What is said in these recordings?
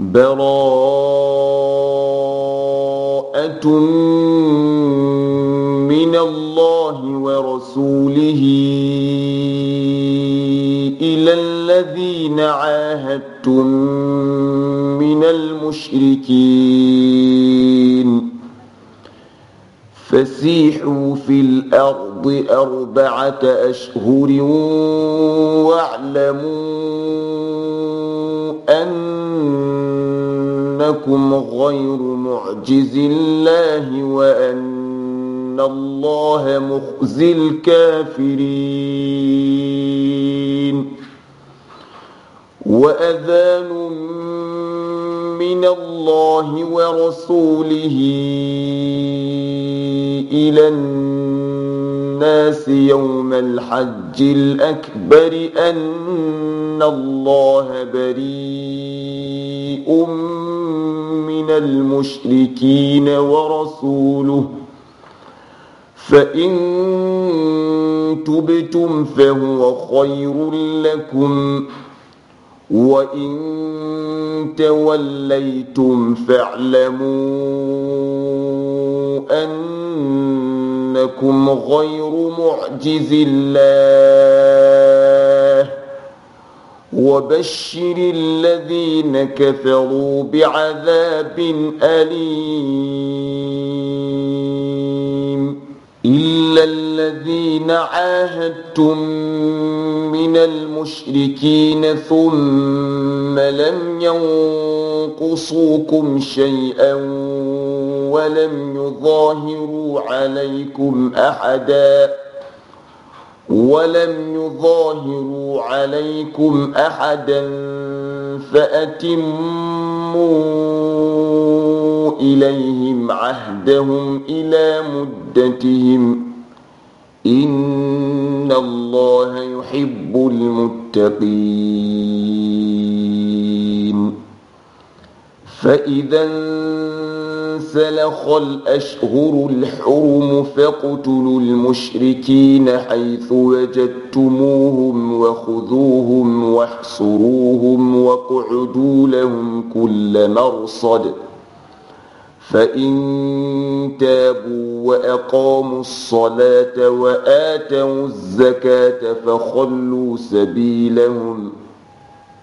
براءة من الله ورسوله إلى الذين عاهدتم من المشركين فسيحوا في الأرض أربعة أشهر واعلموا أن أنكم غير معجز الله وأن الله مخزي الكافرين وأذان من الله ورسوله إلى الناس الناس يوم الحج الأكبر أن الله بريء من المشركين ورسوله فإن تبتم فهو خير لكم ۖ وإن توليتم فاعلموا أنكم غير معجز الله وبشر الذين كفروا بعذاب أليم إلا الذين عاهدتم من المشركين ثم لم ينقصوكم شيئا ولم يظاهروا عليكم أحداً ولم يظاهروا عليكم احدا فاتموا اليهم عهدهم الى مدتهم ان الله يحب المتقين فاذا انسلخ الأشهر الحرم فاقتلوا المشركين حيث وجدتموهم وخذوهم واحصروهم واقعدوا لهم كل مرصد فإن تابوا وأقاموا الصلاة وآتوا الزكاة فخلوا سبيلهم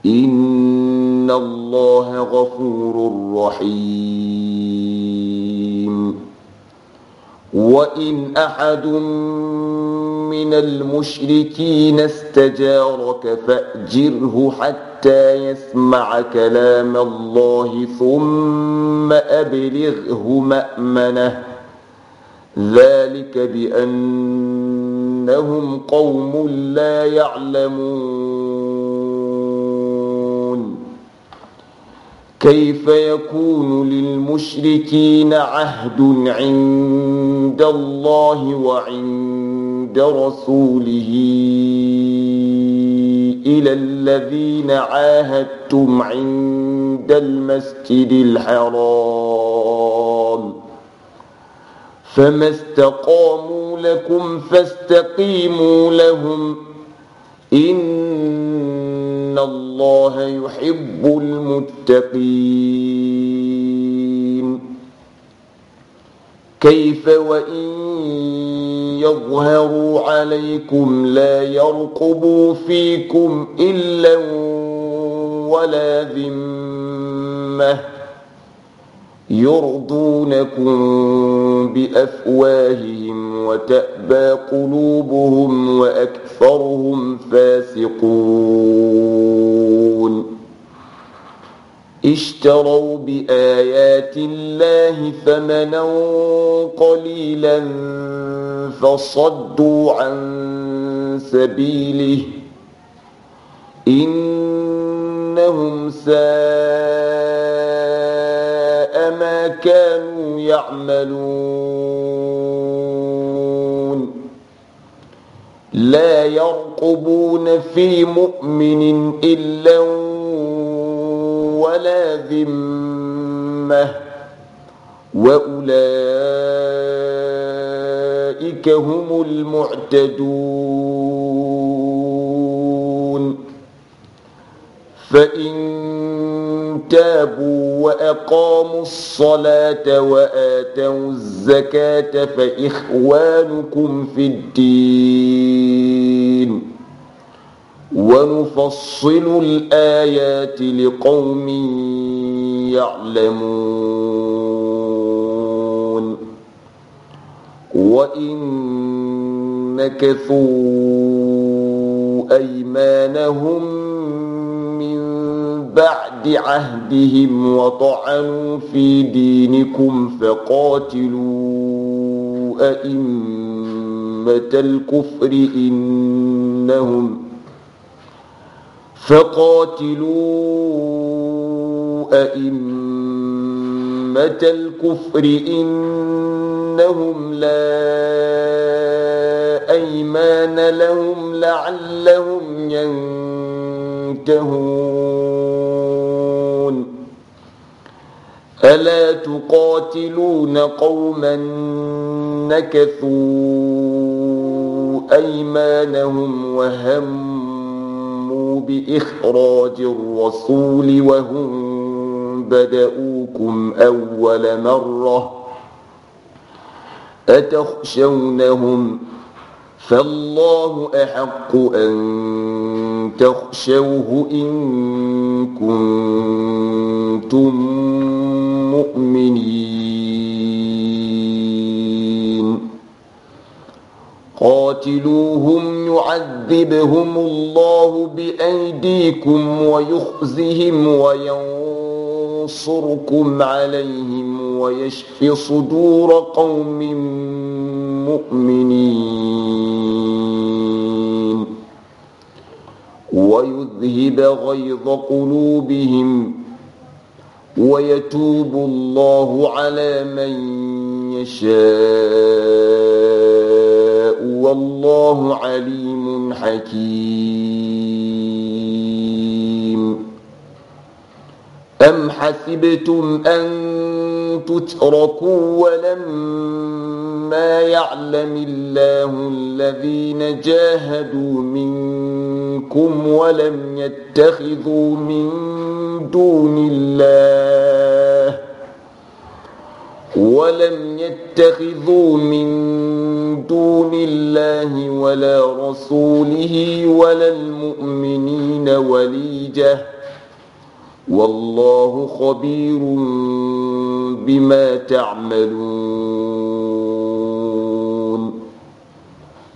إن الله غفور رحيم وإن أحد من المشركين استجارك فأجره حتى يسمع كلام الله ثم أبلغه مأمنه ذلك بأنهم قوم لا يعلمون كيف يكون للمشركين عهد عند الله وعند رسوله إلى الذين عاهدتم عند المسجد الحرام فما استقاموا لكم فاستقيموا لهم إن الله يحب المتقين كيف وإن يظهروا عليكم لا يرقبوا فيكم إلا ولا ذمه يرضونكم بأفواههم وتأبى قلوبهم وأكثرهم فاسقون اشتروا بآيات الله ثمنا قليلا فصدوا عن سبيله إنهم سائرون كانوا يعملون لا يرقبون في مؤمن إلا ولا ذمة وأولئك هم المعتدون فإن تابوا وأقاموا الصلاة وآتوا الزكاة فإخوانكم في الدين ونفصل الآيات لقوم يعلمون وإن نكثوا أيمانهم بعد عهدهم وطعنوا في دينكم فقاتلوا أئمة الكفر إنهم فقاتلوا أئمة الكفر إنهم لا أيمان لهم لعلهم ينفعون تنتهون ألا تقاتلون قوما نكثوا أيمانهم وهموا بإخراج الرسول وهم بدؤوكم أول مرة أتخشونهم فالله أحق أن تخشوه إن كنتم مؤمنين قاتلوهم يعذبهم الله بأيديكم ويخزهم وينصركم عليهم ويشف صدور قوم مؤمنين ويذهب غيظ قلوبهم ويتوب الله على من يشاء والله عليم حكيم أم حسبتم أن تتركوا ولما يعلم الله الذين جاهدوا منكم ولم يتخذوا من دون الله ولم يتخذوا من دون الله ولا رسوله ولا المؤمنين وليجه والله خبير بما تعملون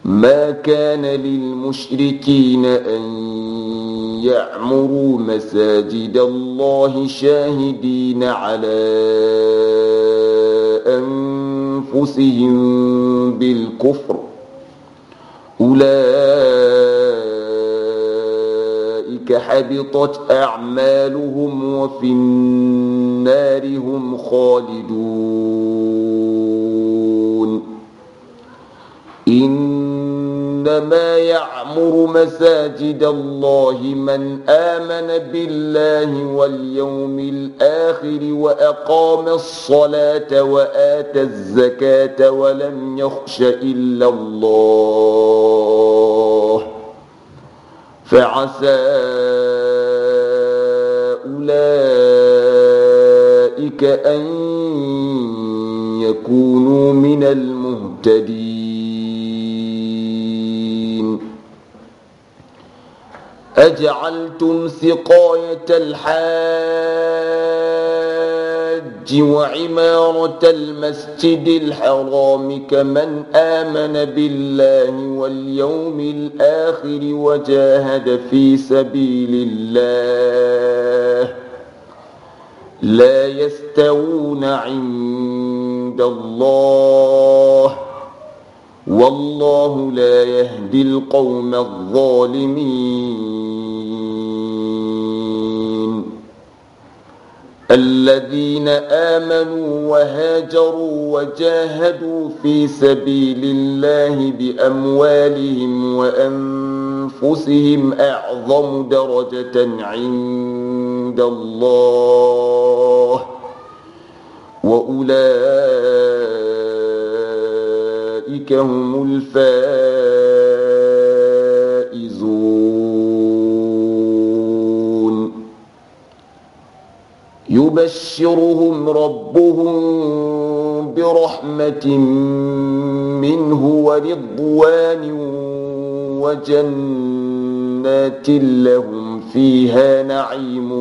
ما كان للمشركين أن يعمروا مساجد الله شاهدين على أنفسهم بالكفر أولئك حبطت أعمالهم وفي النار هم خالدون إنما يعمر مساجد الله من آمن بالله واليوم الآخر وأقام الصلاة وآتى الزكاة ولم يخش إلا الله فعسى أولئك أن يكونوا من المهتدين أجعلتم سقاية الحال وعمارة المسجد الحرام كمن آمن بالله واليوم الآخر وجاهد في سبيل الله لا يستوون عند الله والله لا يهدي القوم الظالمين الذين آمنوا وهاجروا وجاهدوا في سبيل الله بأموالهم وأنفسهم أعظم درجة عند الله وأولئك هم الفائزون يبشرهم ربهم برحمة منه ورضوان وجنات لهم فيها نعيم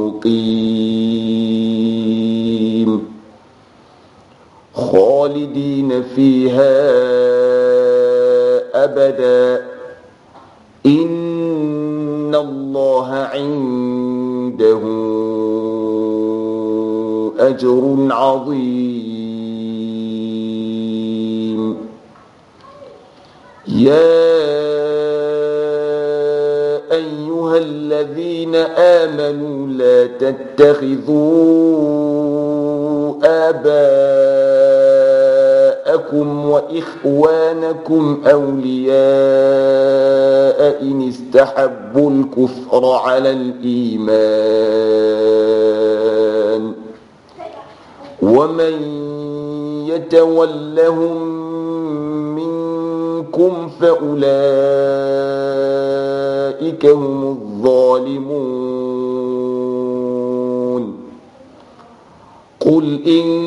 مقيم خالدين فيها أبدا إن الله عند عنده أجر عظيم يا أيها الذين آمنوا لا تتخذوا آباءكم وإخوانكم أولياء إن استحبوا يحب الكفر على الإيمان ومن يتولهم منكم فأولئك هم الظالمون قل إن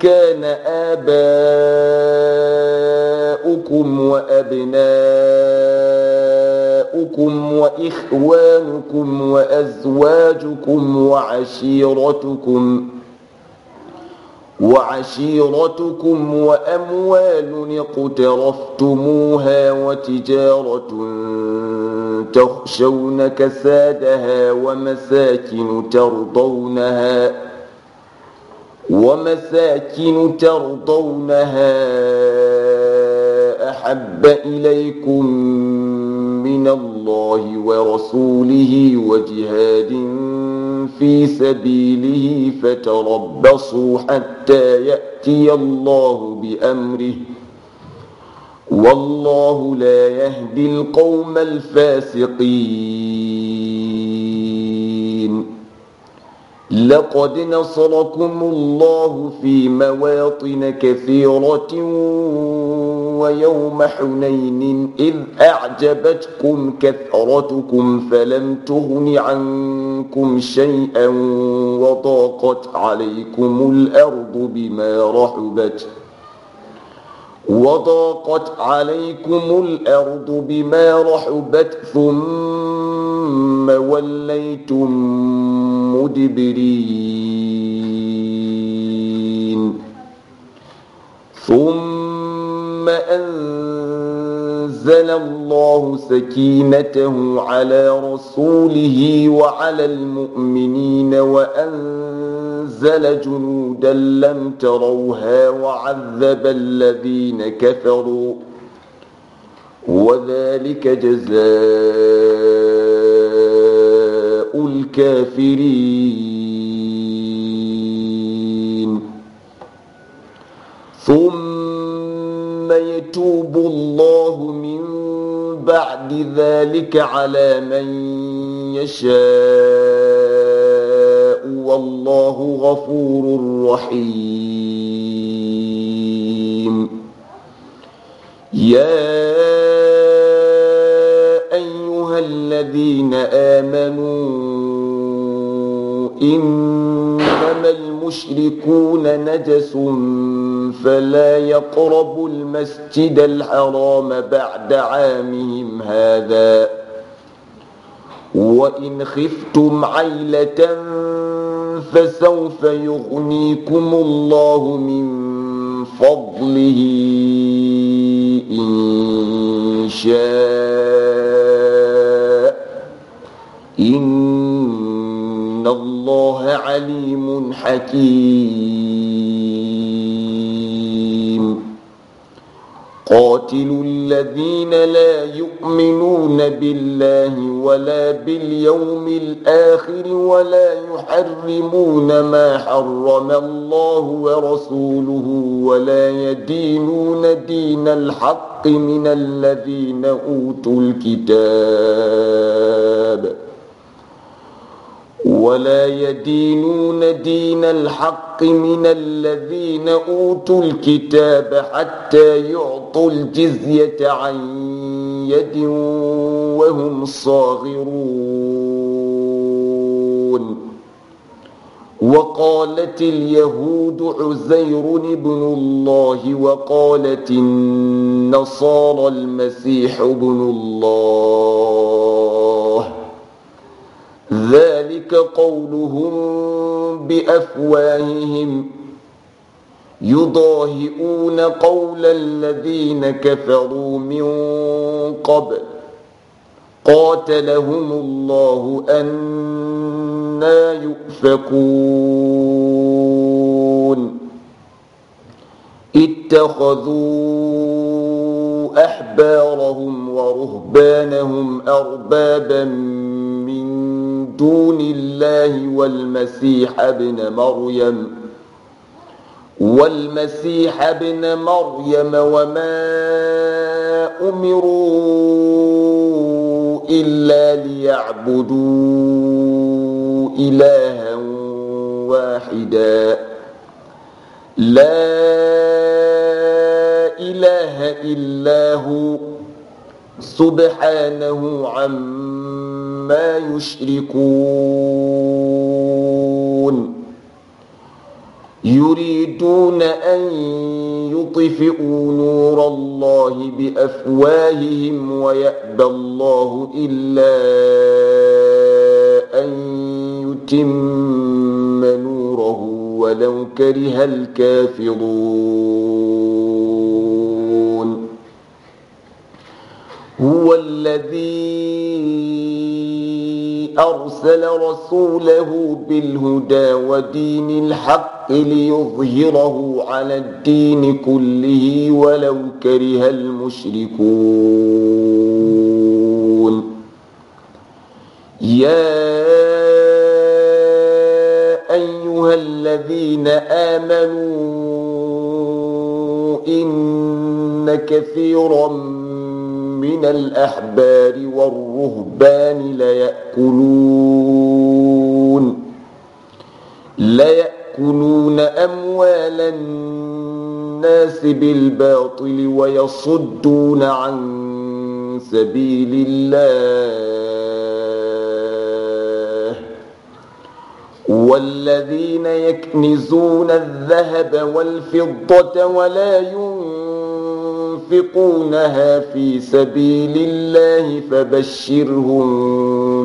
كان آباؤكم وأبناؤكم أبناؤكم وإخوانكم وأزواجكم وعشيرتكم وعشيرتكم وأموال اقترفتموها وتجارة تخشون كسادها ومساكن ترضونها ومساكن ترضونها أحب إليكم من الله ورسوله وجهاد في سبيله فتربصوا حتى يأتي الله بأمره والله لا يهدي القوم الفاسقين لقد نصركم الله في مواطن كثيرة ويوم حنين إذ أعجبتكم كثرتكم فلم تغن عنكم شيئا وضاقت عليكم الأرض بما رحبت وضاقت عليكم الأرض بما رحبت ثم وليتم مدبرين ثم أنزل الله سكينته على رسوله وعلى المؤمنين وأنزل جنودا لم تروها وعذب الذين كفروا وذلك جزاء الكافرين ثم يتوب الله من بعد ذلك على من يشاء والله غفور رحيم يا أيها الذين آمنوا إنما المشركون نجس فلا يقربوا المسجد الحرام بعد عامهم هذا وإن خفتم عيلة فسوف يغنيكم الله من فضله إن شاء إن الله عليم حكيم قاتلوا الذين لا يؤمنون بالله ولا باليوم الآخر ولا يحرمون ما حرم الله ورسوله ولا يدينون دين الحق من الذين أوتوا الكتاب ولا يدينون دين الحق من الذين أوتوا الكتاب حتى يعطوا الجزية عن يد وهم صاغرون وقالت اليهود عزير ابن الله وقالت النصارى المسيح ابن الله ذلك قولهم بأفواههم يضاهئون قول الذين كفروا من قبل قاتلهم الله أنا يؤفكون اتخذوا أحبارهم ورهبانهم أربابا دون الله والمسيح ابن مريم والمسيح ابن مريم وما أمروا إلا ليعبدوا إلها واحدا لا إله إلا هو سبحانه عما يشركون يريدون أن يطفئوا نور الله بأفواههم ويأبى الله إلا أن يتم نوره ولو كره الكافرون هو الذي أرسل رسوله بالهدى ودين الحق ليظهره على الدين كله ولو كره المشركون يا أيها الذين آمنوا إن كثيرا من الأحبار والرهبان ليأكلون ليأكلون أموال الناس بالباطل ويصدون عن سبيل الله والذين يكنزون الذهب والفضة ولا ينفقون ينفقونها في سبيل الله فبشرهم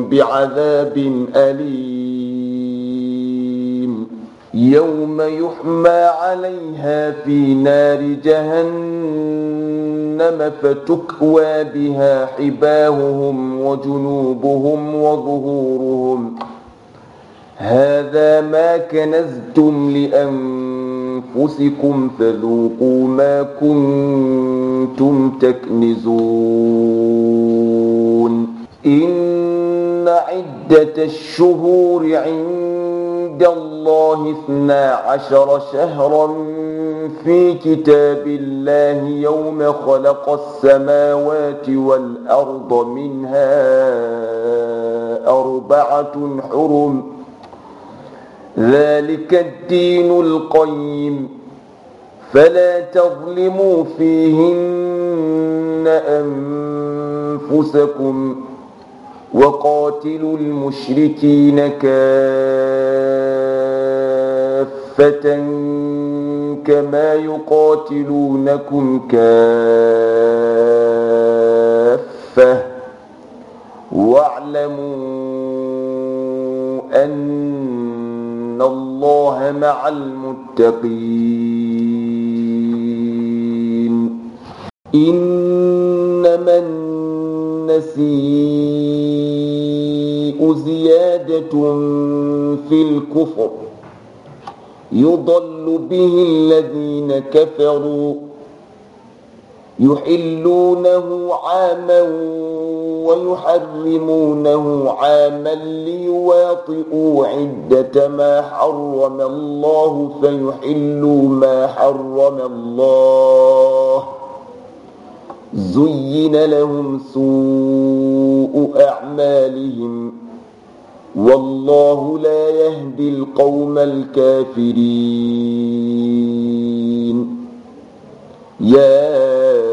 بعذاب أليم يوم يحمى عليها في نار جهنم فتكوى بها حباههم وجنوبهم وظهورهم هذا ما كنزتم لأنفسكم أنفسكم فذوقوا ما كنتم تكنزون إن عدة الشهور عند الله اثنا عشر شهرا في كتاب الله يوم خلق السماوات والأرض منها أربعة حرم ذلك الدين القيم فلا تظلموا فيهن أنفسكم وقاتلوا المشركين كافة كما يقاتلونكم كافة المتقين إنما النسيء زيادة في الكفر يضل به الذين كفروا يحلونه عاما ويحرمونه عاما ليواطئوا عدة ما حرم الله فيحلوا ما حرم الله زين لهم سوء أعمالهم والله لا يهدي القوم الكافرين يا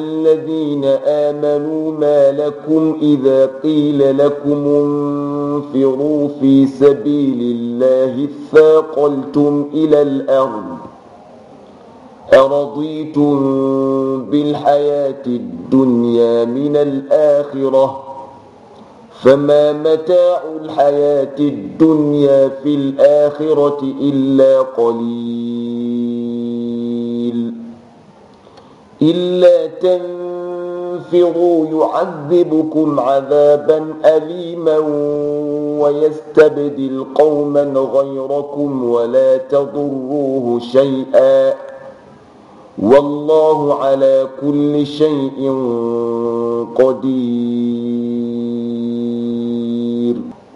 الذين آمنوا ما لكم إذا قيل لكم انفروا في سبيل الله اثاقلتم إلى الأرض أرضيتم بالحياة الدنيا من الآخرة فما متاع الحياة الدنيا في الآخرة إلا قليل إلا تنفروا يعذبكم عذابا أليما ويستبدل قوما غيركم ولا تضروه شيئا والله على كل شيء قدير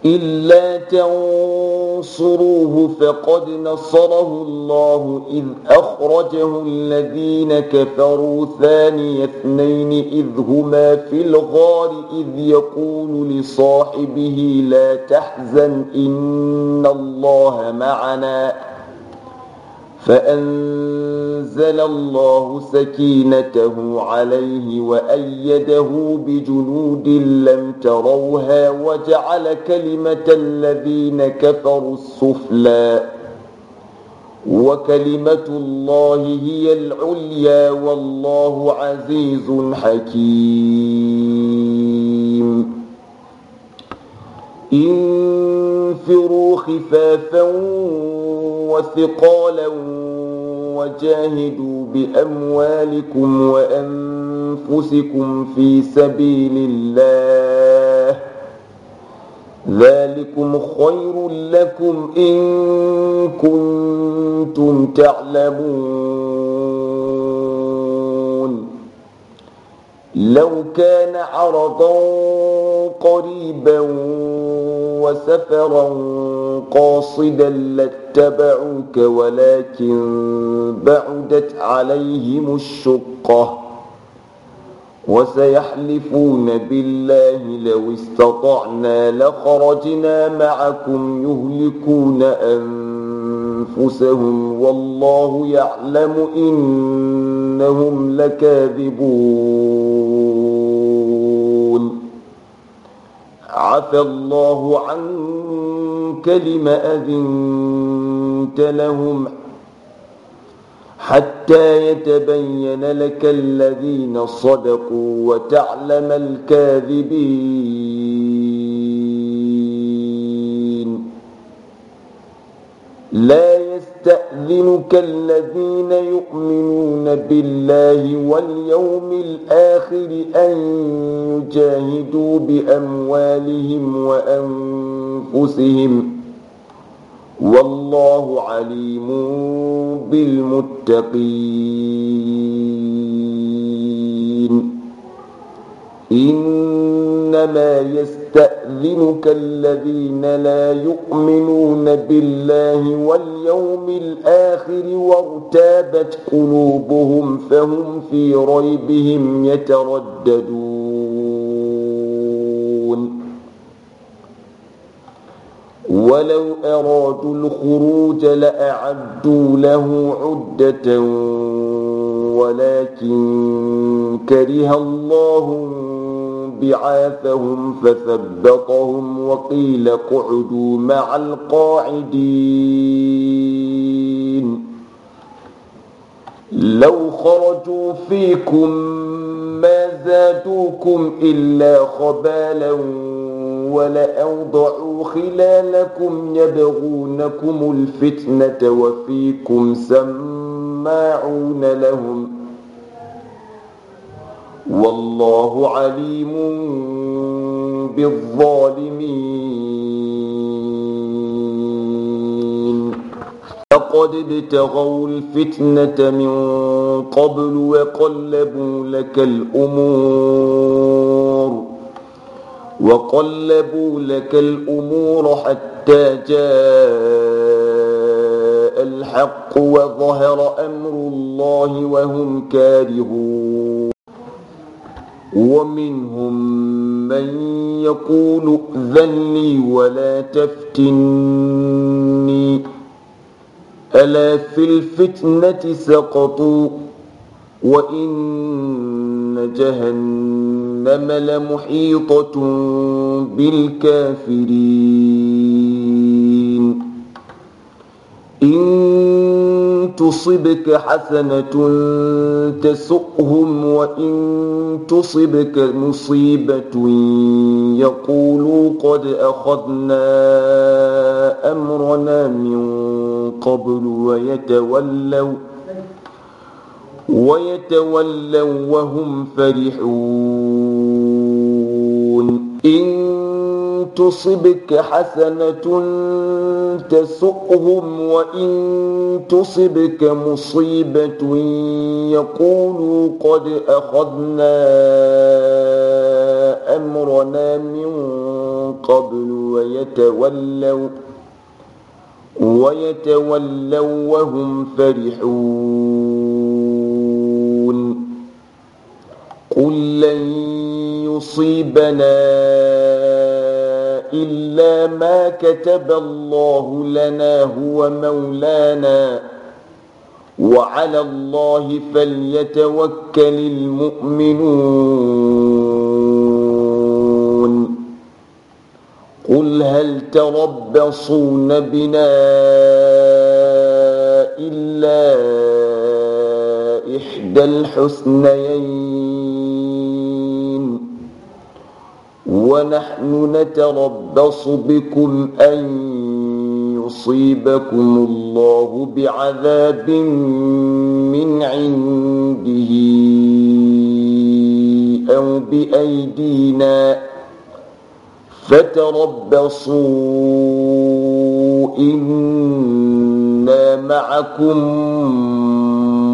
إلا تنصروه فقد نصره الله إذ أخرجه الذين كفروا ثاني اثنين إذ هما في الغار إذ يقول لصاحبه لا تحزن إن الله معنا فأنزل الله سكينته عليه وأيده بجنود لم تروها وجعل كلمة الذين كفروا السفلى وكلمة الله هي العليا والله عزيز حكيم انفروا خفافا وثقالا وجاهدوا بأموالكم وأنفسكم في سبيل الله ذلكم خير لكم إن كنتم تعلمون لو كان عرضا قريبا وسفرا قاصدا لاتبعوك ولكن بعدت عليهم الشقة وسيحلفون بالله لو استطعنا لخرجنا معكم يهلكون أنفسهم أنفسهم والله يعلم إنهم لكاذبون عفى الله عنك لم أذنت لهم حتى يتبين لك الذين صدقوا وتعلم الكاذبين لا يستأذنك الذين يؤمنون بالله واليوم الآخر أن يجاهدوا بأموالهم وأنفسهم والله عليم بالمتقين إنما يستأذنك يستأذنك الذين لا يؤمنون بالله واليوم الآخر وارتابت قلوبهم فهم في ريبهم يترددون ولو أرادوا الخروج لأعدوا له عدة ولكن كره الله بعاثهم فثبطهم وقيل اقعدوا مع القاعدين لو خرجوا فيكم ما زادوكم إلا خبالا ولأوضعوا خلالكم يبغونكم الفتنة وفيكم سماعون لهم ۖ والله عليم بالظالمين لقد ابتغوا الفتنة من قبل وقلبوا لك الأمور وقلبوا لك الأمور حتى جاء الحق وظهر أمر الله وهم كارهون ومنهم من يقول ائذن لي ولا تفتني ألا في الفتنة سقطوا وإن جهنم لمحيطة بالكافرين إن تصبك حسنة تسؤهم وإن تصبك مصيبة يقولوا قد أخذنا أمرنا من قبل ويتولوا ويتولوا وهم فرحون إن تصبك حسنة تسقهم وإن تصبك مصيبة يقولوا قد أخذنا أمرنا من قبل ويتولوا ويتولوا وهم فرحون قل لن يصيبنا إلا ما كتب الله لنا هو مولانا وعلى الله فليتوكل المؤمنون قل هل تربصون بنا إلا إحدى الحسنيين ونحن نتربص بكم أن يصيبكم الله بعذاب من عنده أو بأيدينا فتربصوا إنا معكم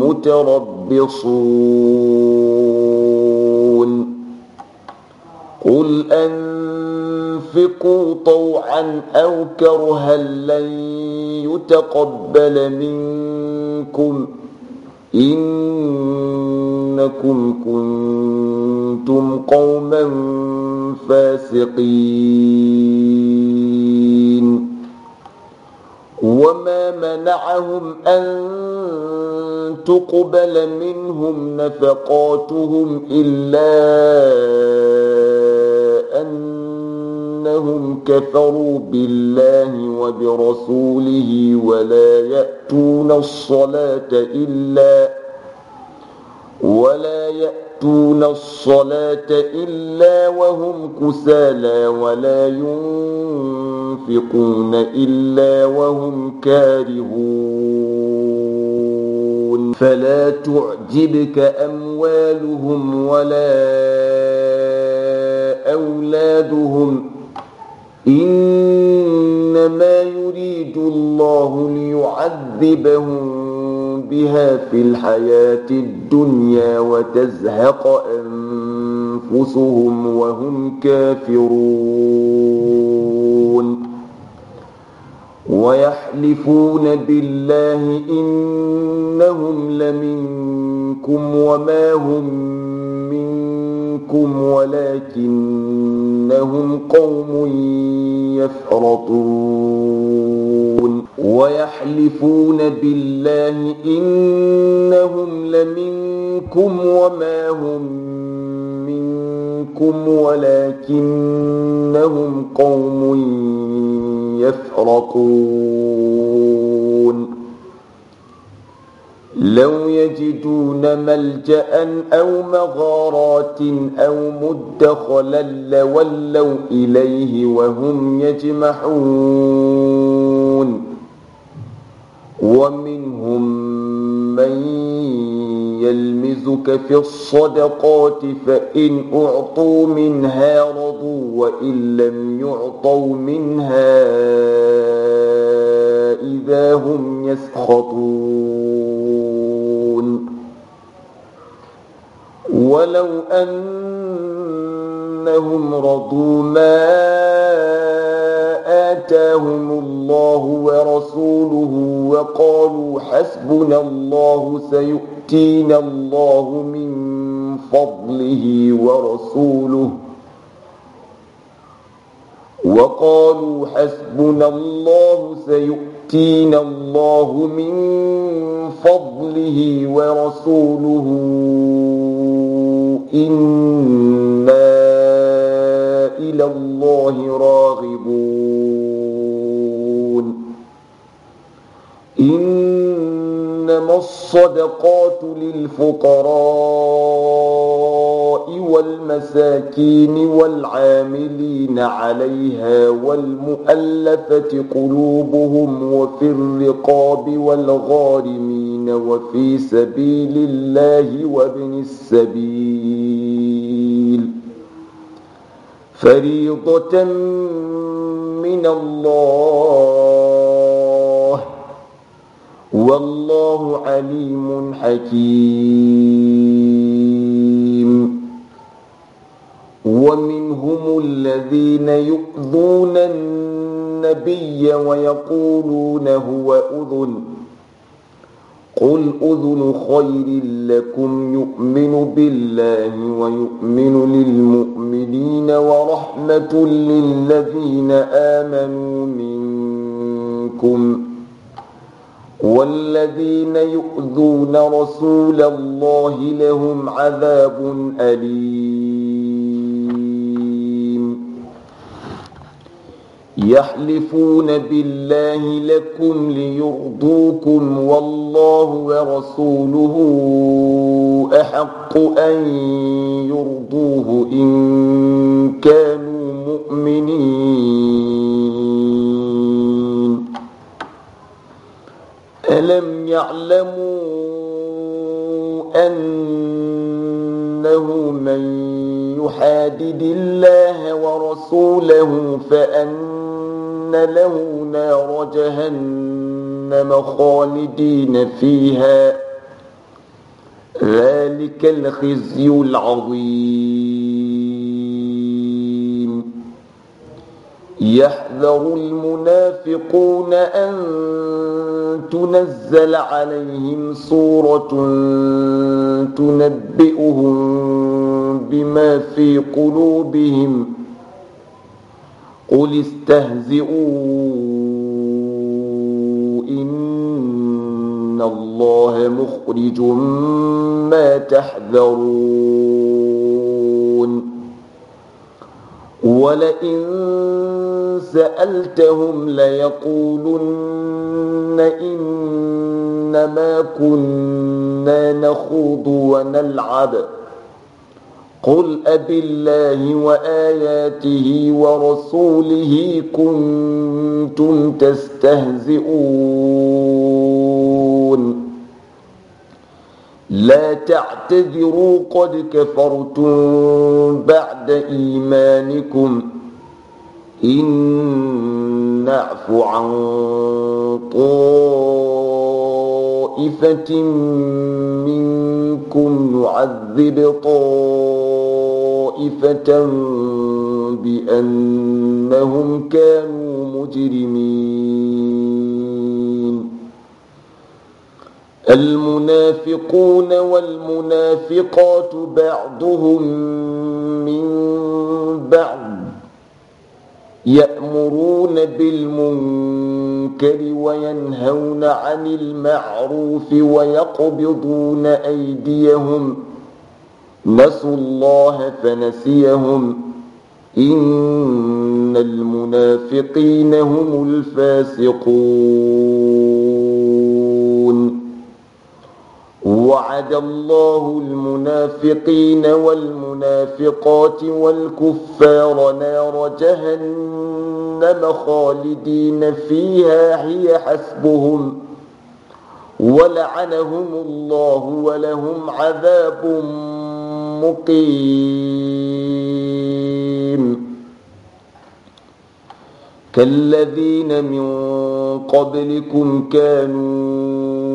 متربصون قل أنفقوا طوعا أو كرها لن يتقبل منكم إنكم كنتم قوما فاسقين وما منعهم أن تقبل منهم نفقاتهم إلا كفروا بالله وبرسوله ولا يأتون الصلاة إلا ولا يأتون الصلاة إلا وهم كسالى ولا ينفقون إلا وهم كارهون فلا تعجبك أموالهم ولا أولادهم إنما يريد الله ليعذبهم بها في الحياة الدنيا وتزهق أنفسهم وهم كافرون ويحلفون بالله إنهم لمنكم وما هم منكم ولكنهم قوم يفرطون ويحلفون بالله إنهم لمنكم وما هم منكم ولكنهم قوم يفرقون لو يجدون ملجأ أو مغارات أو مدخلا لولوا إليه وهم يجمحون ومنهم من يلمزك في الصدقات فإن أعطوا منها رضوا وإن لم يعطوا منها إذا هم يسخطون ولو أنهم رضوا ما آتاهم الله ورسوله وقالوا حسبنا الله سيؤتينا الله من فضله ورسوله وقالوا حسبنا الله سيؤتينا يؤتينا الله من فضله ورسوله إنا إلى الله راغبون إنما الصدقات للفقراء والمساكين والعاملين عليها والمؤلفة قلوبهم وفي الرقاب والغارمين وفي سبيل الله وابن السبيل فريضة من الله والله عليم حكيم ومنهم الذين يؤذون النبي ويقولون هو أذن قل أذن خير لكم يؤمن بالله ويؤمن للمؤمنين ورحمة للذين آمنوا منكم ۖ والذين يؤذون رسول الله لهم عذاب أليم يحلفون بالله لكم ليرضوكم والله ورسوله أحق أن يرضوه إن كانوا مؤمنين ألم يعلموا أنه من يحادد الله ورسوله فأن له نار جهنم خالدين فيها ذلك الخزي العظيم يحذر المنافقون أن تنزل عليهم سورة تنبئهم بما في قلوبهم قل استهزئوا إن الله مخرج ما تحذرون ولئن سألتهم ليقولن إنما كنا نخوض ونلعب قل أبي الله وآياته ورسوله كنتم تستهزئون لا تعتذروا قد كفرتم بعد إيمانكم إن نعف عن طائفة منكم نعذب طائفة بأنهم كانوا مجرمين المنافقون والمنافقات بعضهم من بعض يأمرون بالمنكر وينهون عن المعروف ويقبضون أيديهم نسوا الله فنسيهم إن المنافقين هم الفاسقون وعد الله المنافقين والمنافقات والكفار نار جهنم خالدين فيها هي حسبهم ولعنهم الله ولهم عذاب مقيم كالذين من قبلكم كانوا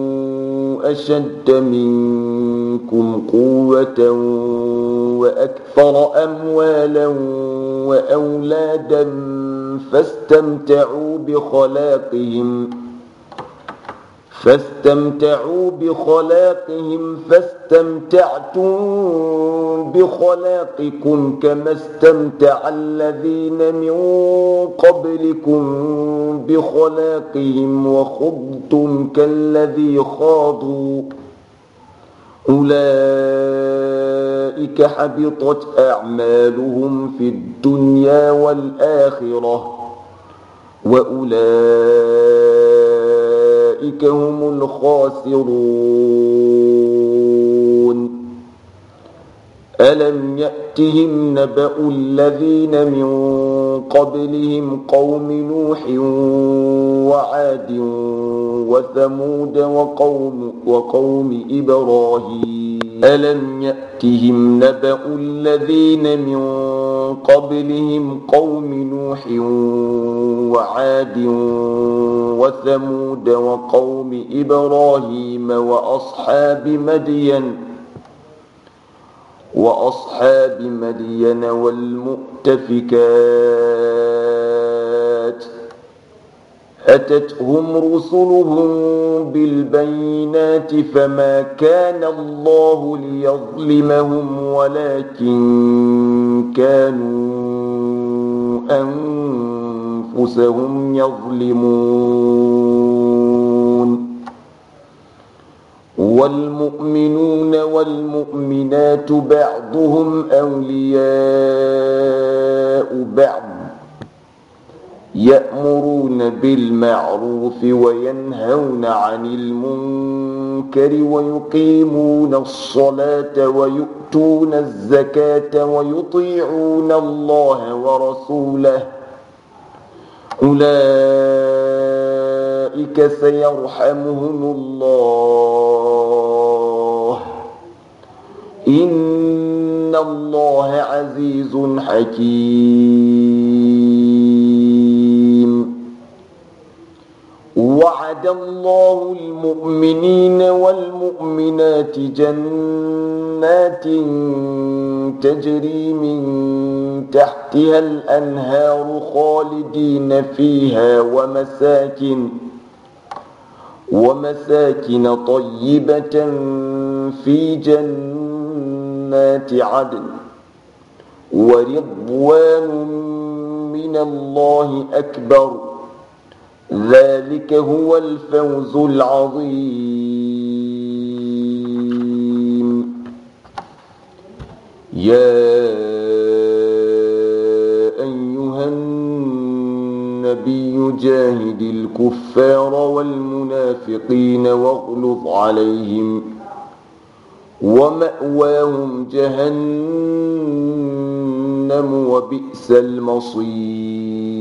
أشد منكم قوة وأكثر أموالا وأولادا فاستمتعوا بخلاقهم فاستمتعوا بخلاقهم فاستمتعتم بخلاقكم كما استمتع الذين من قبلكم بخلاقهم وخضتم كالذي خاضوا أولئك حبطت أعمالهم في الدنيا والآخرة وأولئك أولئك هم الخاسرون ألم يأتهم نبأ الذين من قبلهم قوم نوح وعاد وثمود وقوم, وقوم إبراهيم ألم يأتهم نبأ الذين من قبلهم قوم نوح وعاد وثمود وقوم إبراهيم وأصحاب مدين وأصحاب مدين والمؤتفكات أتتهم رسلهم بالبينات فما كان الله ليظلمهم ولكن كانوا أنفسهم يظلمون والمؤمنون والمؤمنات بعضهم أولياء بعض يأمرون بالمعروف وينهون عن المنكر ويقيمون الصلاة ويؤتون الزكاة ويطيعون الله ورسوله أولئك سيرحمهم الله إن الله عزيز حكيم وعد الله المؤمنين والمؤمنات جنات تجري من تحتها الأنهار خالدين فيها ومساكن ومساكن طيبة في جنات عدن ورضوان من الله أكبر ذلك هو الفوز العظيم يا أيها النبي جاهد الكفار والمنافقين واغلظ عليهم ومأواهم جهنم وبئس المصير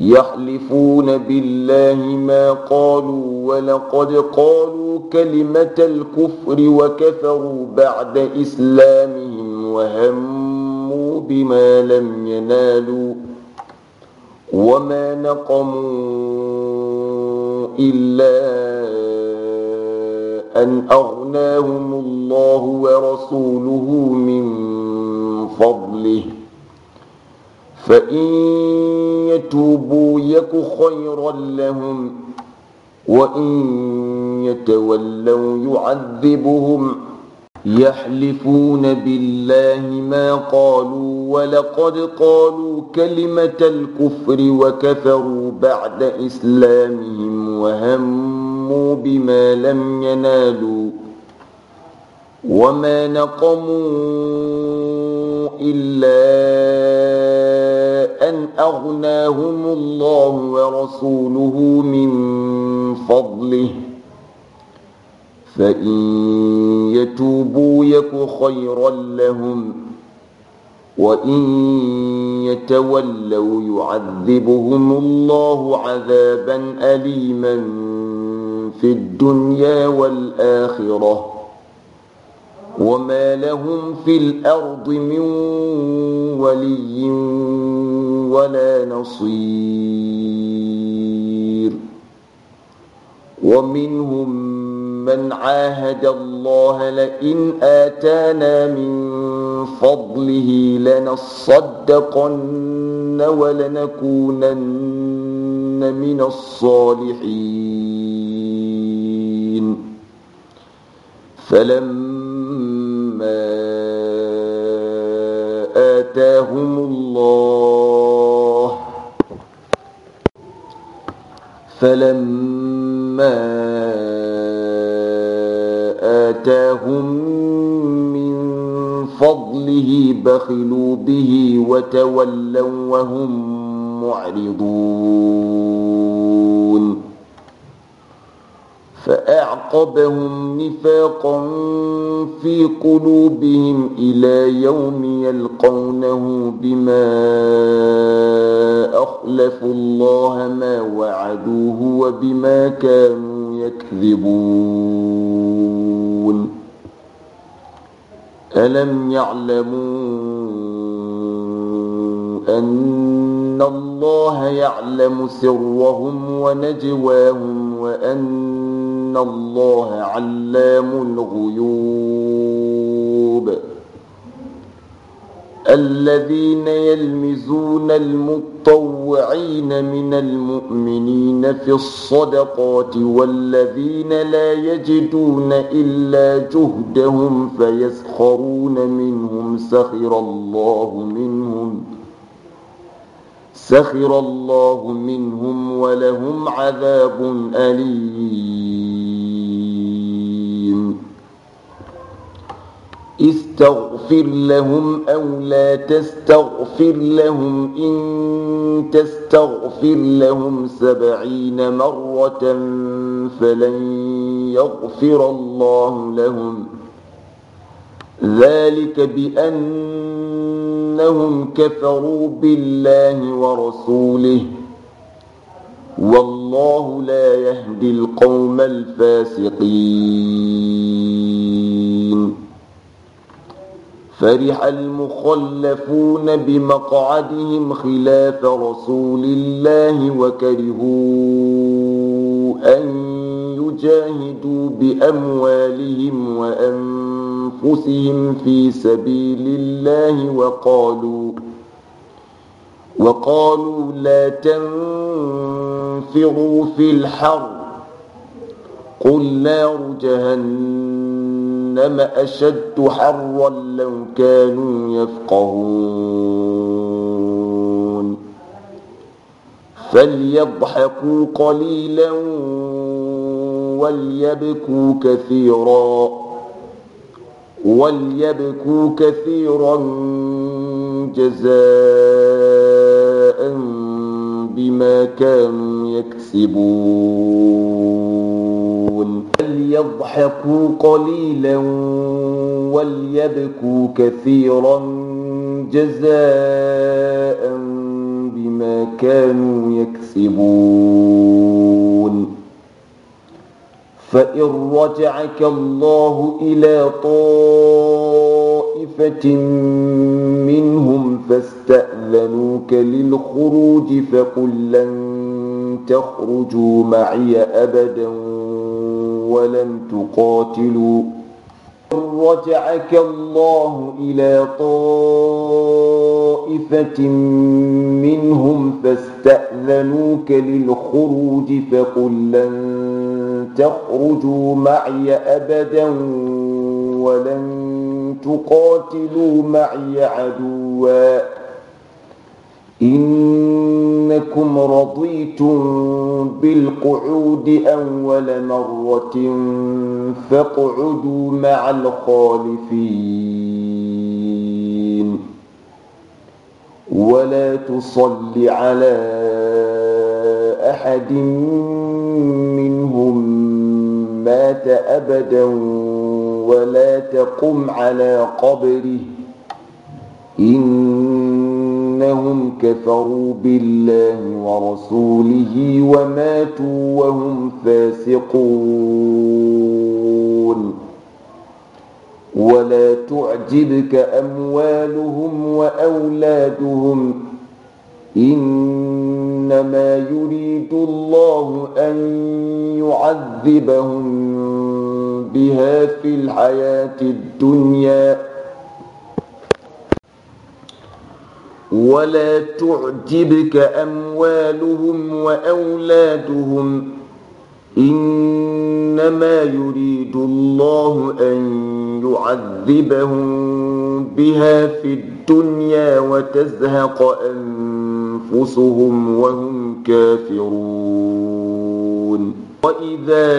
يحلفون بالله ما قالوا ولقد قالوا كلمة الكفر وكفروا بعد إسلامهم وهموا بما لم ينالوا وما نقموا إلا أن أغناهم الله ورسوله من فضله فإن يتوبوا يك خيرا لهم وإن يتولوا يعذبهم يحلفون بالله ما قالوا ولقد قالوا كلمة الكفر وكفروا بعد إسلامهم وهموا بما لم ينالوا وما نقموا إلا أن أغناهم الله ورسوله من فضله فإن يتوبوا يك خيرا لهم وإن يتولوا يعذبهم الله عذابا أليما في الدنيا والآخرة وما لهم في الأرض من ولي ولا نصير ومنهم من عاهد الله لئن آتانا من فضله لنصدقن ولنكونن من الصالحين فلما آتاهم الله فلما آتاهم من فضله بخلوا به وتولوا وهم معرضون فأعقبهم نفاقا في قلوبهم إلى يوم يلقونه بما أخلفوا الله ما وعدوه وبما كانوا يكذبون ألم يعلموا أن الله يعلم سرهم ونجواهم وأن إن الله علام الغيوب الذين يلمزون المطوعين من المؤمنين في الصدقات والذين لا يجدون إلا جهدهم فيسخرون منهم سخر الله منهم سخر الله منهم ولهم عذاب أليم استغفر لهم أو لا تستغفر لهم إن تستغفر لهم سبعين مرة فلن يغفر الله لهم ذلك بأنهم كفروا بالله ورسوله والله لا يهدي القوم الفاسقين فرح المخلفون بمقعدهم خلاف رسول الله وكرهوا أن يجاهدوا بأموالهم وأنفسهم في سبيل الله وقالوا وقالوا لا تنفروا في الحر قل نار جهنم جهنم أشد حرا لو كانوا يفقهون فليضحكوا قليلا وليبكوا كثيرا وليبكوا كثيرا جزاء بما كانوا يكسبون فليضحكوا قليلا وليبكوا كثيرا جزاء بما كانوا يكسبون فإن رجعك الله إلى طائفة منهم فاستأذنوك للخروج فقل لن تخرجوا معي أبداً ولم تقاتلوا رجعك الله إلى طائفة منهم فاستأذنوك للخروج فقل لن تخرجوا معي أبدا ولن تقاتلوا معي عدواً إنكم رضيتم بالقعود أول مرة فاقعدوا مع الخالفين ولا تصل على أحد منهم مات أبدا ولا تقم على قبره كفروا بالله ورسوله وماتوا وهم فاسقون ولا تعجبك أموالهم وأولادهم إنما يريد الله أن يعذبهم بها في الحياة الدنيا ولا تعجبك أموالهم وأولادهم إنما يريد الله أن يعذبهم بها في الدنيا وتزهق أنفسهم وهم كافرون وإذا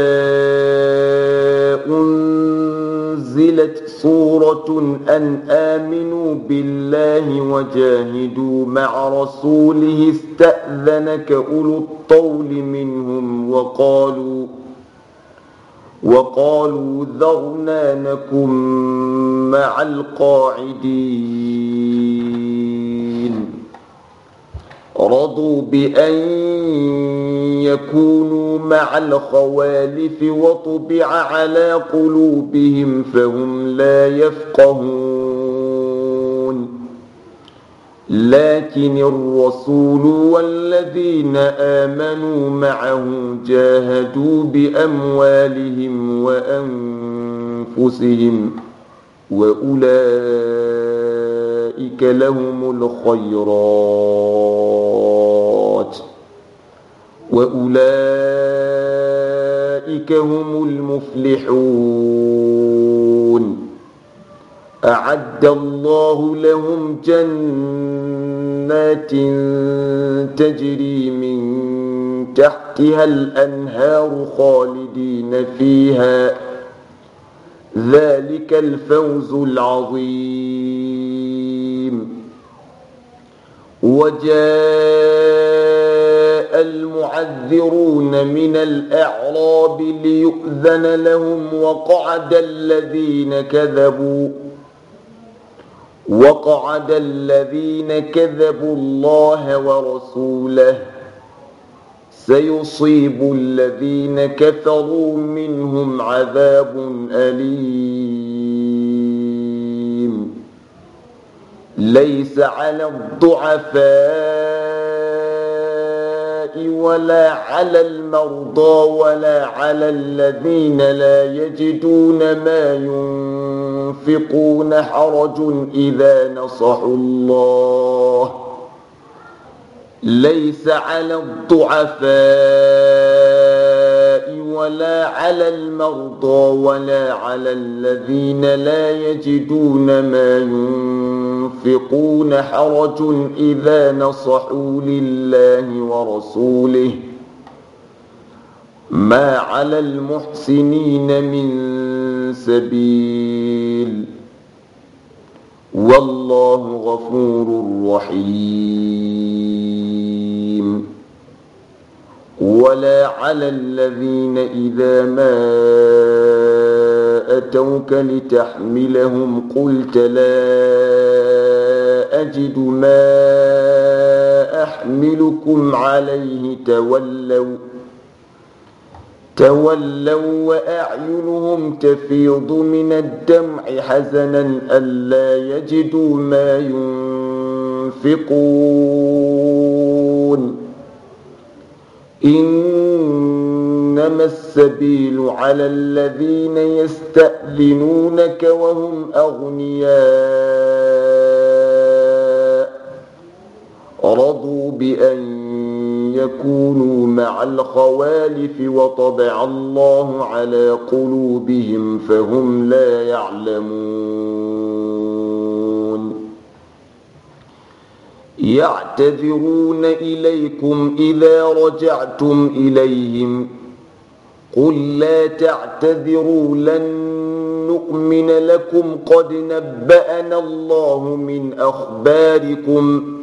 أنزلت سورة أن آمنوا بالله وجاهدوا مع رسوله استأذنك أولو الطول منهم وقالوا وقالوا ذرنا نكن مع القاعدين رضوا بأن يكونوا مع الخوالف وطبع على قلوبهم فهم لا يفقهون لكن الرسول والذين آمنوا معه جاهدوا بأموالهم وأنفسهم وأولئك لهم الخيرات وأولئك هم المفلحون أعد الله لهم جنات تجري من تحتها الأنهار خالدين فيها ذلك الفوز العظيم وجاء المعذرون من الأعراب ليؤذن لهم وقعد الذين كذبوا وقعد الذين كذبوا الله ورسوله سيصيب الذين كفروا منهم عذاب أليم ليس على الضعفاء ولا على المرضى ولا على الذين لا يجدون ما ينفقون حرج إذا نصحوا الله ليس على الضعفاء ولا على المرضى ولا على الذين لا يجدون ما ينفقون حرج إذا نصحوا لله ورسوله ما على المحسنين من سبيل والله غفور رحيم ولا على الذين إذا ما أتوك لتحملهم قلت لا أجد ما أحملكم عليه تولوا تولوا وأعينهم تفيض من الدمع حزنا ألا يجدوا ما ينفقون إنما السبيل على الذين يستأذنونك وهم أغنياء رضوا بأن يكونوا مع الخوالف وطبع الله على قلوبهم فهم لا يعلمون يعتذرون إليكم إذا رجعتم إليهم قل لا تعتذروا لن نؤمن لكم قد نبأنا الله من أخباركم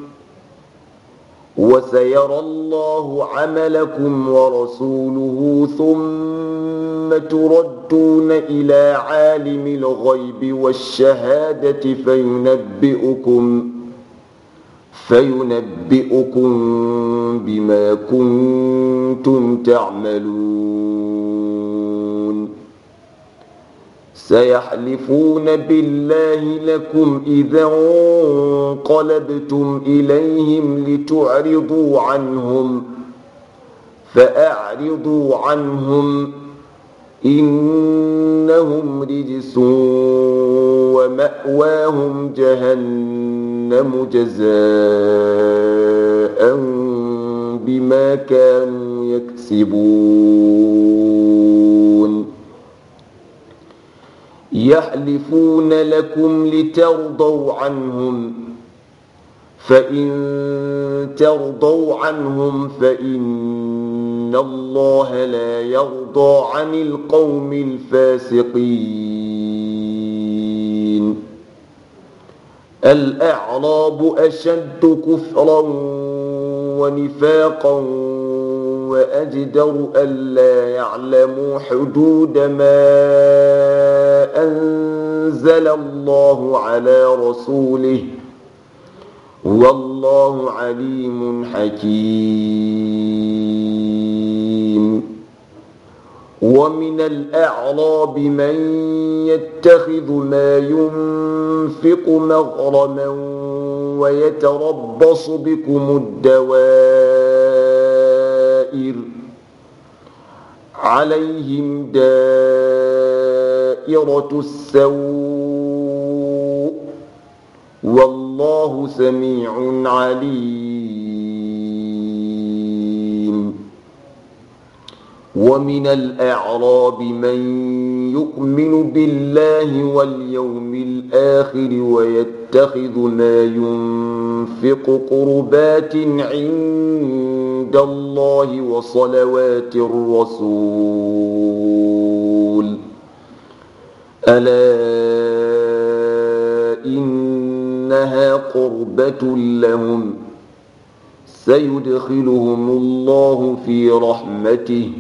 وسيرى الله عملكم ورسوله ثم تردون إلى عالم الغيب والشهادة فينبئكم فينبئكم بما كنتم تعملون سيحلفون بالله لكم إذا انقلبتم إليهم لتعرضوا عنهم فأعرضوا عنهم إنهم رجس ومأواهم جهنم جزاء بما كانوا يكسبون يحلفون لكم لترضوا عنهم فإن ترضوا عنهم فإن الله لا يرضى عن القوم الفاسقين الأعراب أشد كفرا ونفاقا وأجدر ألا يعلموا حدود ما أنزل الله على رسوله ۖ والله عليم حكيم ومن الأعراب من يتخذ ما ينفق مغرما ويتربص بكم الدوائر عليهم دائرة السوء والله والله سميع عليم ومن الأعراب من يؤمن بالله واليوم الآخر ويتخذ ما ينفق قربات عند الله وصلوات الرسول ألا أنها قربة لهم سيدخلهم الله في رحمته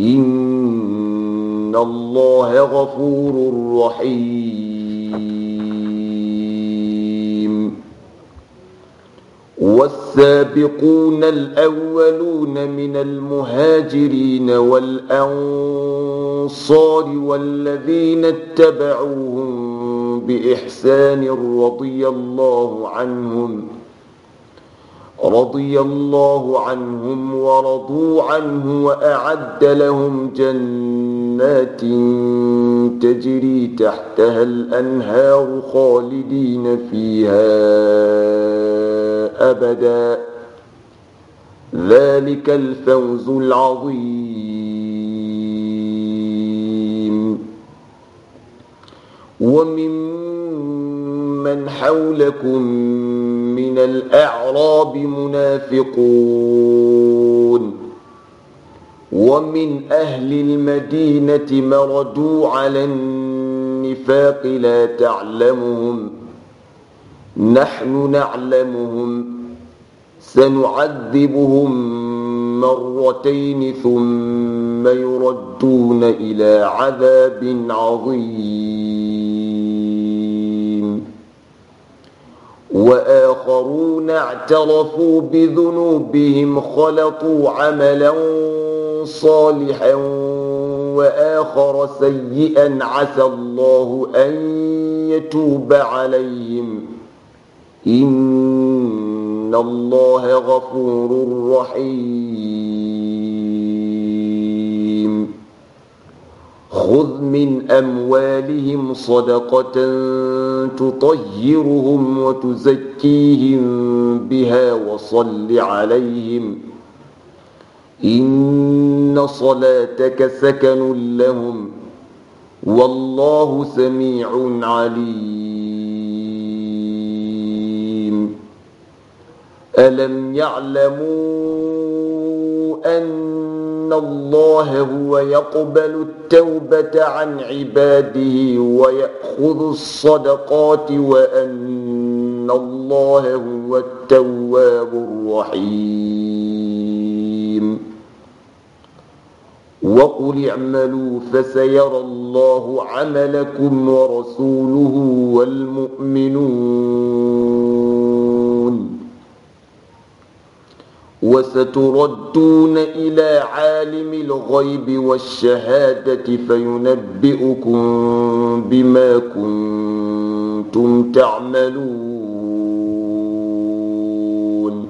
إن الله غفور رحيم والسابقون الأولون من المهاجرين والأنصار والذين اتبعوهم بإحسان رضي الله عنهم رضي الله عنهم ورضوا عنه وأعد لهم جنات تجري تحتها الأنهار خالدين فيها أبدا ذلك الفوز العظيم وممن حولكم من الأعراب منافقون ومن أهل المدينة مردوا على النفاق لا تعلمهم نحن نعلمهم سنعذبهم مرتين ثم يردون إلى عذاب عظيم وآخرون اعترفوا بذنوبهم خلطوا عملا صالحا وآخر سيئا عسى الله أن يتوب عليهم إن الله غفور رحيم خذ من أموالهم صدقة تطيرهم وتزكيهم بها وصل عليهم إن صلاتك سكن لهم والله سميع عليم ألم يعلموا أن إن الله هو يقبل التوبة عن عباده ويأخذ الصدقات وأن الله هو التواب الرحيم وقل اعملوا فسيرى الله عملكم ورسوله والمؤمنون وستردون إلى عالم الغيب والشهادة فينبئكم بما كنتم تعملون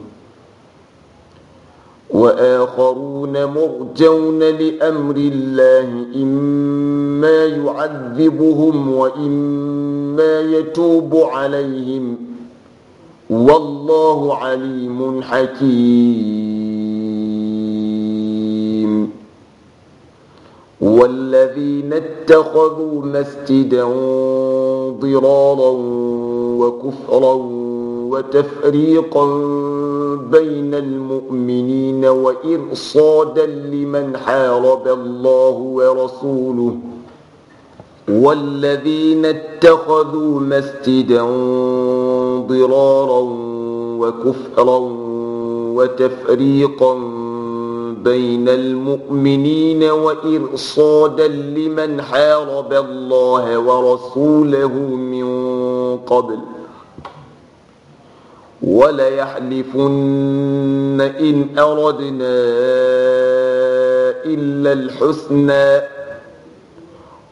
وآخرون مرجون لأمر الله إما يعذبهم وإما يتوب عليهم والله عليم حكيم والذين اتخذوا مسجدا ضرارا وكفرا وتفريقا بين المؤمنين وإرصادا لمن حارب الله ورسوله والذين اتخذوا مسجدا ضرارا وكفرا وتفريقا بين المؤمنين وإرصادا لمن حارب الله ورسوله من قبل وليحلفن إن أردنا إلا الحسنى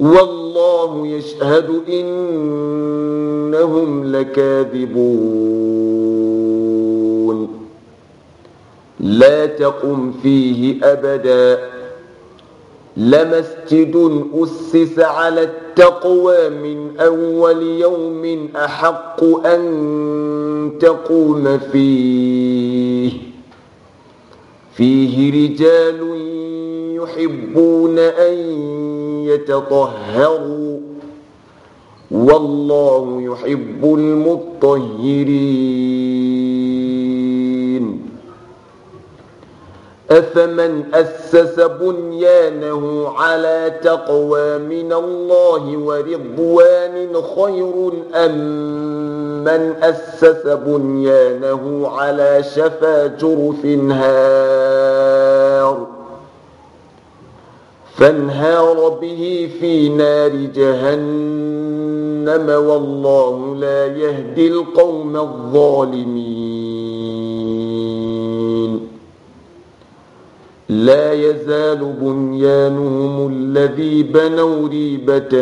والله والله يشهد إنهم لكاذبون لا تقم فيه أبدا لمسجد أسس على التقوى من أول يوم أحق أن تقوم فيه فيه رجال يحبون أن يتطهروا والله يحب المطهرين أفمن أسس بنيانه على تقوى من الله ورضوان خير أم من أسس بنيانه على شفا جرف هار فانهار به في نار جهنم والله لا يهدي القوم الظالمين لا يزال بنيانهم الذي بنوا ريبة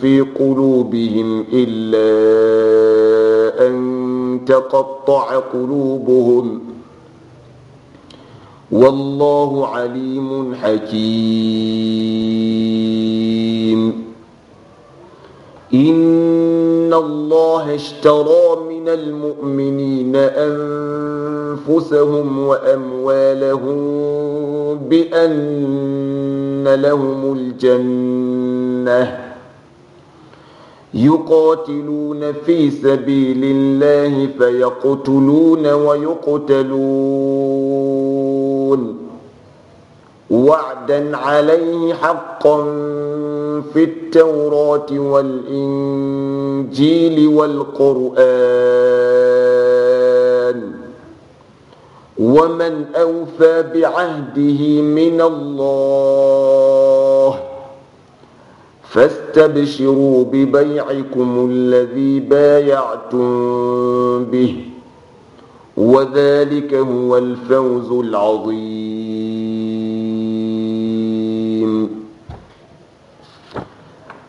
في قلوبهم إلا أن تقطع قلوبهم ۖ والله عليم حكيم إن الله اشترى من المؤمنين أنفسهم وأموالهم بأن لهم الجنة يقاتلون في سبيل الله فيقتلون ويقتلون وعدا عليه حقا في التوراة والإنجيل والقرآن ومن أوفى بعهده من الله فاستبشروا ببيعكم الذي بايعتم به وذلك هو الفوز العظيم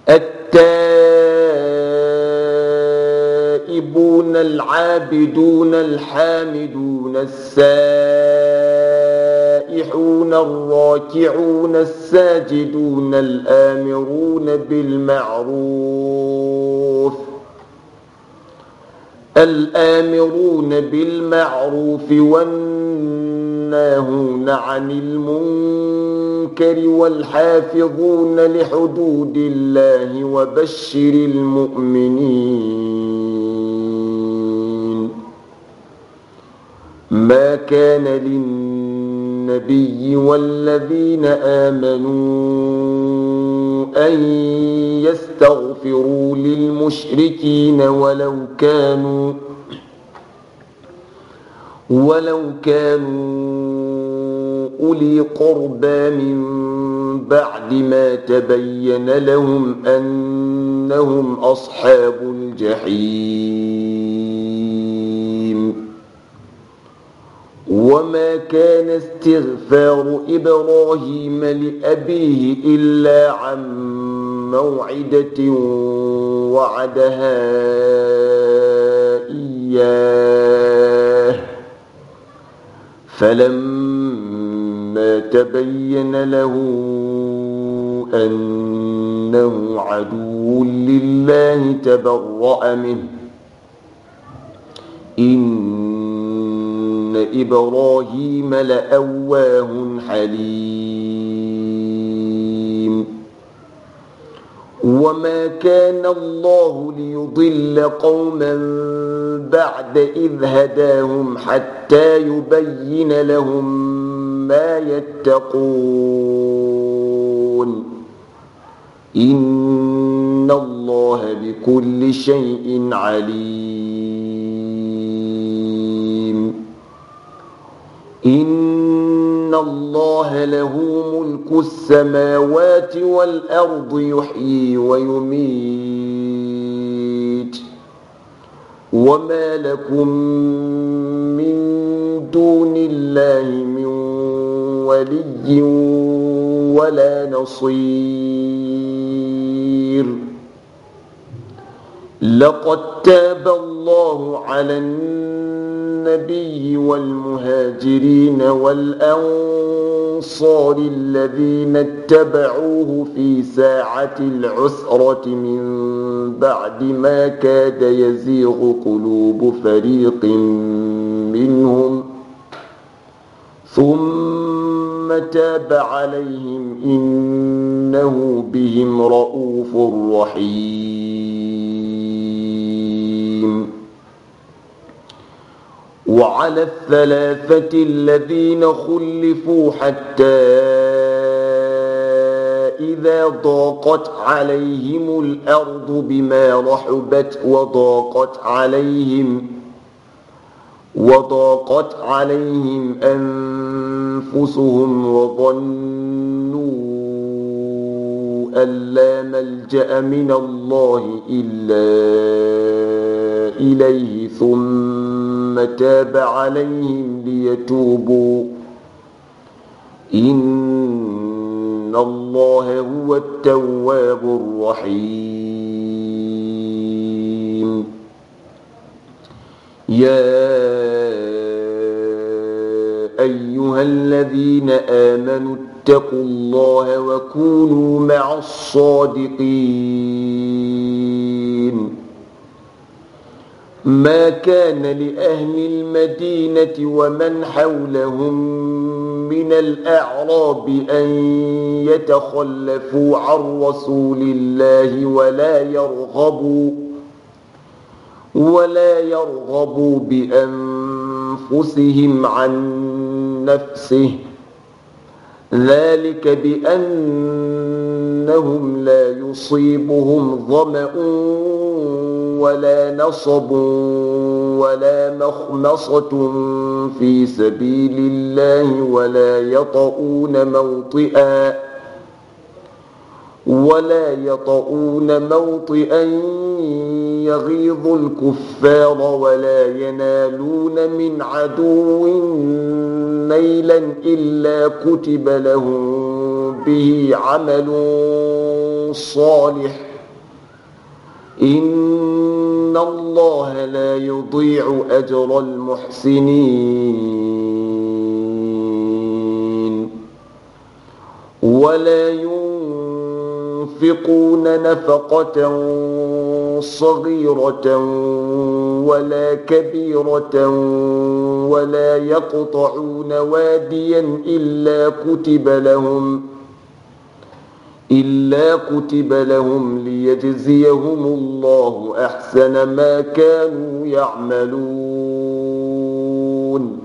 التائبون العابدون الحامدون السائلون السابحون الراكعون الساجدون الآمرون بالمعروف الآمرون بالمعروف والناهون عن المنكر والحافظون لحدود الله وبشر المؤمنين ما كان للناس النبي والذين آمنوا أن يستغفروا للمشركين ولو كانوا ولو كانوا أولي قربى من بعد ما تبين لهم أنهم أصحاب الجحيم وما كان استغفار إبراهيم لأبيه إلا عن موعدة وعدها إياه فلما تبين له أنه عدو لله تبرأ منه إن إبراهيم لأواه حليم وما كان الله ليضل قوما بعد إذ هداهم حتى يبين لهم ما يتقون إن الله بكل شيء عليم إن الله له ملك السماوات والأرض يحيي ويميت وما لكم من دون الله من ولي ولا نصير لقد تاب الله على النبي والمهاجرين والأنصار الذين اتبعوه في ساعة العسرة من بعد ما كاد يزيغ قلوب فريق منهم ثم تاب عليهم إنه بهم رؤوف رحيم وعلى الثلاثة الذين خلفوا حتى إذا ضاقت عليهم الأرض بما رحبت وضاقت عليهم وضاقت عليهم أنفسهم وظنوا أن لا ملجأ من الله إلا إليه ثم تاب عليهم ليتوبوا إن الله هو التواب الرحيم يا أيها الذين آمنوا اتقوا الله وكونوا مع الصادقين ما كان لأهل المدينة ومن حولهم من الأعراب أن يتخلفوا عن رسول الله ولا يرغبوا ولا يرغبوا بأنفسهم عن نفسه ذلك بأنهم لا يصيبهم ظمأ ولا نصب ولا مخمصة في سبيل الله ولا يطؤون موطئا ولا يطؤون موطئا يغيظ الكفار ولا ينالون من عدو نيلا إلا كتب لهم به عمل صالح إن الله لا يضيع أجر المحسنين ولا ينفقون نفقة صغيرة ولا كبيرة ولا يقطعون واديا إلا كتب لهم إلا كتب لهم ليجزيهم الله أحسن ما كانوا يعملون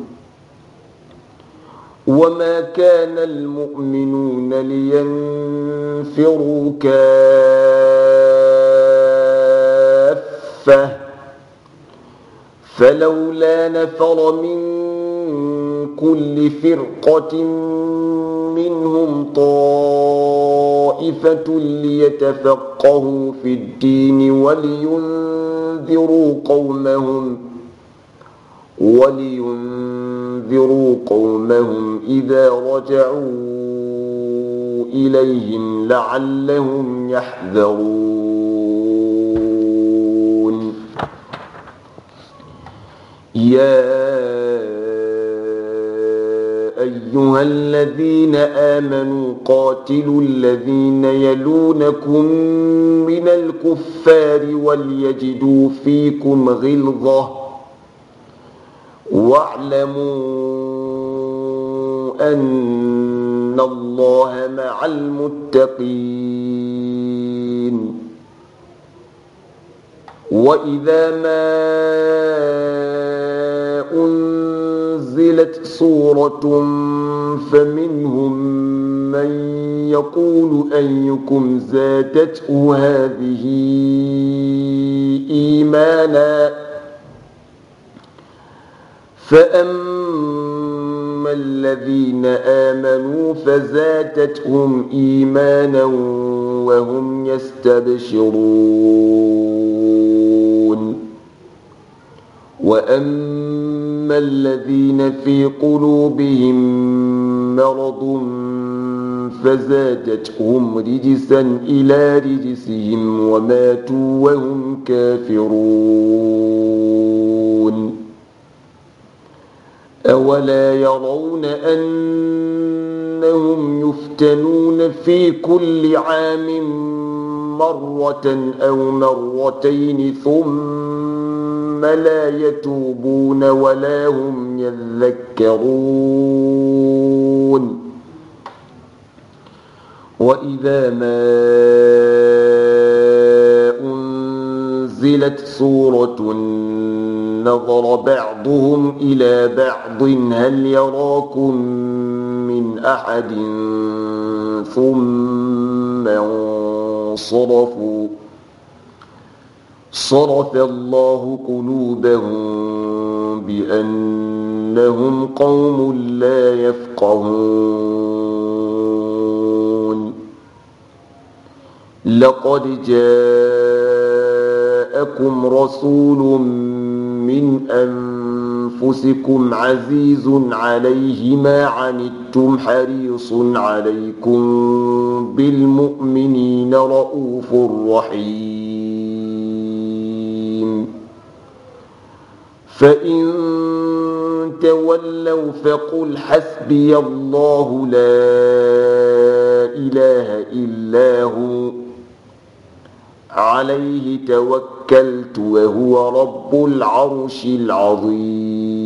وما كان المؤمنون لينفروا كافة فلولا نفر من كل فرقة منهم طائفة ليتفقهوا في الدين ولينذروا قومهم ولينذروا قومهم إذا رجعوا إليهم لعلهم يحذرون يا أيها الذين آمنوا قاتلوا الذين يلونكم من الكفار وليجدوا فيكم غلظة واعلموا أن الله مع المتقين وإذا ما أنزل أنزلت سورة فمنهم من يقول أيكم زادته هذه إيمانا فأما الذين آمنوا فزادتهم إيمانا وهم يستبشرون واما الذين في قلوبهم مرض فزادتهم رجسا الى رجسهم وماتوا وهم كافرون اولا يرون انهم يفتنون في كل عام مرة أو مرتين ثم لا يتوبون ولا هم يذكرون وإذا ما أنزلت سورة نظر بعضهم إلى بعض هل يراكم من أحد ثم صرفوا صرف الله قلوبهم بأنهم قوم لا يفقهون لقد جاءكم رسول من أنفسكم أنفسكم عزيز عليه ما عنتم حريص عليكم بالمؤمنين رؤوف رحيم فإن تولوا فقل حسبي الله لا إله إلا هو عليه توكلت وهو رب العرش العظيم